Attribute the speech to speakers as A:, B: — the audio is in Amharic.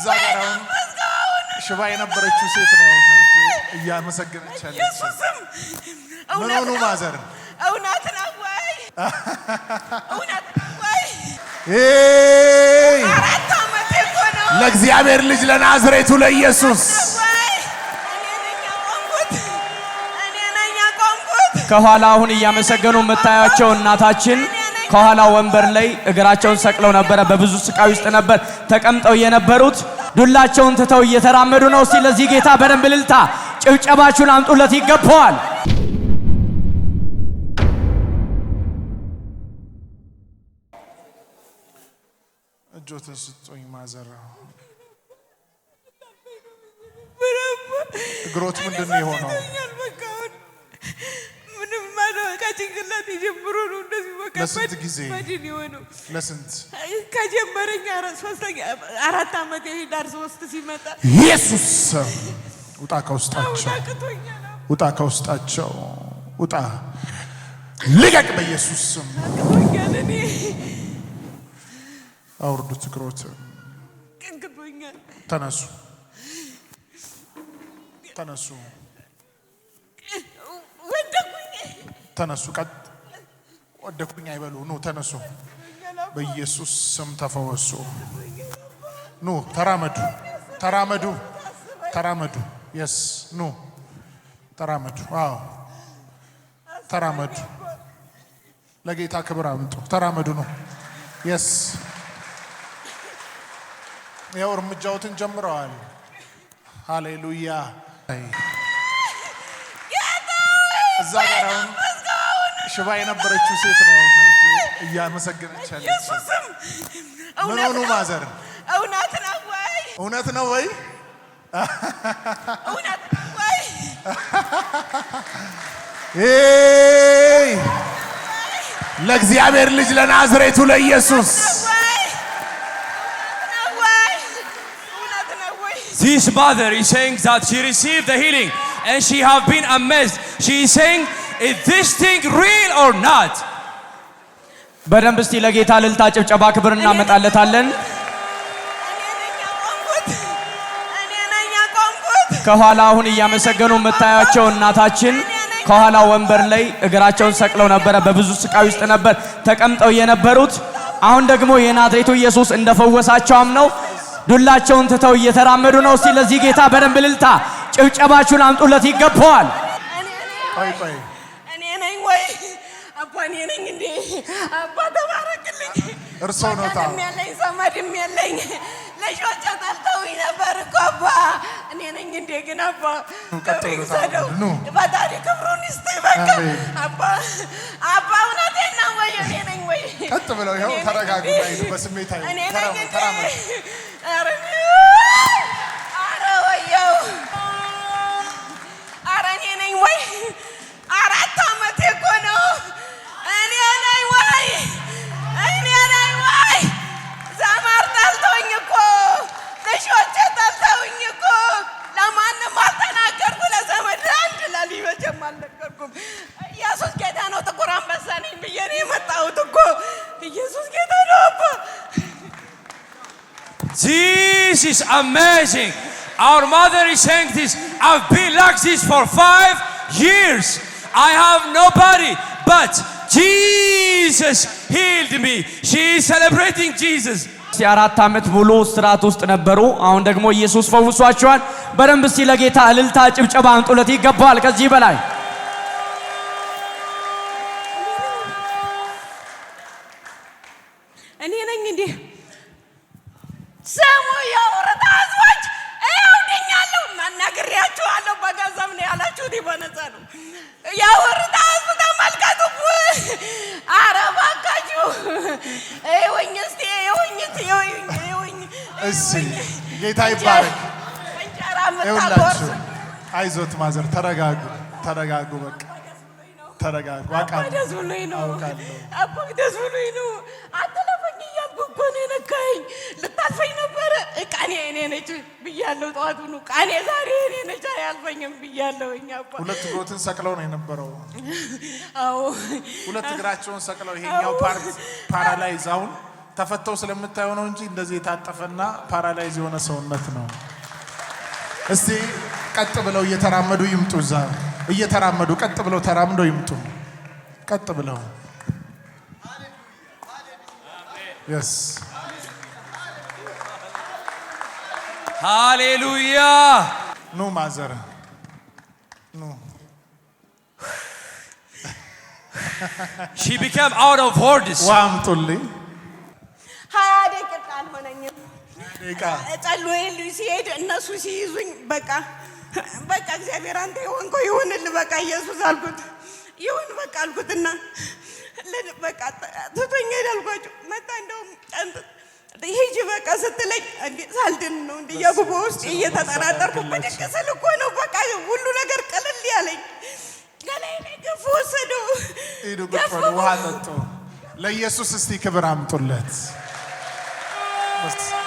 A: እዛ ጋር
B: አሁን
A: ሽባ የነበረችው ሴት ነው እያመሰገነች ምን ሆኑ ማዘር?
B: እውነት ነው ወይ? እውነት ወይ?
A: ለእግዚአብሔር ልጅ ለናዝሬቱ ለኢየሱስ ከኋላ አሁን እያመሰገኑ የምታያቸው እናታችን ከኋላ ወንበር ላይ እግራቸውን ሰቅለው ነበረ። በብዙ ስቃይ ውስጥ ነበር ተቀምጠው የነበሩት። ዱላቸውን ትተው እየተራመዱ ነው። እስቲ ለዚህ ጌታ በደንብ ልልታ፣ ጭብጨባችሁን አምጡለት፣ ይገባዋል። እጆትን ስጡኝ ማዘራ እግሮት ምንድን ነው የሆነው?
B: ጭንቅላት ጀምሮ ነው እንደዚህ
A: በከበድ ጊዜ
B: መድን የሆነው ለስንት ከጀመረኝ አራት ዓመት የህዳር ሶስት ሲመጣ
A: ኢየሱስ ውጣ ከውስጣቸው ውጣ ከውስጣቸው ውጣ ልቀቅ በኢየሱስ ስም አውርዱት እግሮት ተነሱ ተነሱ ተነሱ፣ ቀጥ ወደኩኝ አይበሉ። ኑ ተነሱ፣ በኢየሱስ ስም ተፈወሱ። ኑ ተራመዱ፣ ተራመዱ፣ ተራመዱ። የስ ኑ ተራመዱ። አዎ ተራመዱ። ለጌታ ክብር አምጡ። ተራመዱ ነው። የስ ያው እርምጃዎትን ጀምረዋል። ሃሌሉያ እዛ ጋር አሁን ሽባ የነበረችው ሴት ነው እያመሰገነች ያለችው። ምን ሆኑ ማዘር?
B: እውነት ነው ወይ?
A: እውነት ነው ወይ? ለእግዚአብሔር ልጅ ለናዝሬቱ ለኢየሱስ
C: This mother is saying that she received the healing and she have been amazed. She is saying
A: በደንብ እስቲ ለጌታ ልልታ ጭብጨባ ክብር እናመጣለታለን። ከኋላ አሁን እያመሰገኑ የምታያቸው እናታችን ከኋላ ወንበር ላይ እግራቸውን ሰቅለው ነበረ። በብዙ ስቃይ ውስጥ ነበር ተቀምጠው የነበሩት። አሁን ደግሞ የናዝሬቱ ኢየሱስ እንደፈወሳቸውም ነው። ዱላቸውን ትተው እየተራመዱ ነው። እስቲ ለዚህ ጌታ በደንብ ልልታ ጭብጨባችሁን አምጡለት፣ ይገባዋል።
B: እኔ ነኝ እንዴ? አባ ተባረክልኝ። እርሶ ነታ ያለኝ ዘመድም የለኝ ጠልተውኝ ነበር እኮ አባ እኔ ነኝ እንዴ? ግን አባ ፈጣሪ ክብሩን ይስጥ። በቃ አባ አባ እውነቴን ነው ወይ እኔ ነኝ ወይ?
A: ቀጥ ብለው ይኸው እኔ
B: ነኝ እንዴ? አልፈለኩም። ኢየሱስ ጌታ ነው። ጥቁር አንበሳ ነኝ ብዬ ነው የመጣሁት እኮ ኢየሱስ ጌታ ነው። አባ
C: ዚስ ኢዝ አሜዚንግ አወር ማዘር ኢዝ ሴይንግ ዚስ አይ ቢን ላይክ ዚስ ፎር ፋይቭ ይርስ አይ ሃቭ ኖባዲ በት ጂሰስ ሂልድ ሚ ሺ ኢዝ ሴሌብሬቲንግ ጂሰስ
A: አራት ዓመት ሙሉ ስርዓት ውስጥ ነበሩ። አሁን ደግሞ ኢየሱስ ፈውሷቸዋል። በደንብ እስቲ ለጌታ እልልታ ጭብጨባ አንጡለት ይገባዋል ከዚህ በላይ
B: የውርታ ህዝብ ተመልከቱ። ኧረ እባካችሁ ይሁኝ እስኪ ይሁኝ ይሁኝ።
A: እስኪ ጌታ ይባረክ። ይኸውላችሁ አይዞት ማዘር፣ ተረጋጉ፣ ተረጋጉ፣ በቃ ተረጋጉ።
B: አውቃለሁ፣ ደስ ብሎኝ ነው። ቀኔ እኔ ነች ብያለሁ። ጠዋቱኑ ቀኔ ዛሬ እኔ ነች አያልፈኝም ብያለሁ።
A: ሁለት እግሮትን ሰቅለው ነው የነበረው። አዎ ሁለት እግራቸውን ሰቅለው ይሄኛው ፓርት ፓራላይዝ አሁን ተፈተው ስለምታየው ነው እንጂ እንደዚህ የታጠፈና ፓራላይዝ የሆነ ሰውነት ነው። እስቲ ቀጥ ብለው እየተራመዱ ይምጡ። እዛ እየተራመዱ ቀጥ ብለው ተራምደው ይምጡ። ቀጥ ብለው
C: ሃሌሉያ።
A: ኑ ማዘር ኑ አምጡልኝ።
B: ሀያ ደቂቃ አልሆነኝም። ጸሎዬልኝ ሲሄድ እነሱ ሲይዙኝ በቃ በቃ እግዚአብሔር አንተ የሆንከው ይሁንልህ፣ በቃ ኢየሱስ አልኩት። ይሁን በቃ አልኩትና በቃ ሂጂ በቃ ስትለኝ ሳልድን ነው የጉቦ ውስጥ እየተጠራጠርኩ ስል እኮ ነው በቃ ሁሉ ነገር ቅልል ያለኝ። ገላይ ገፉ
A: ሂዱ ውሃ ጠጡ። ለኢየሱስ እስቲ ክብር አምጡለት።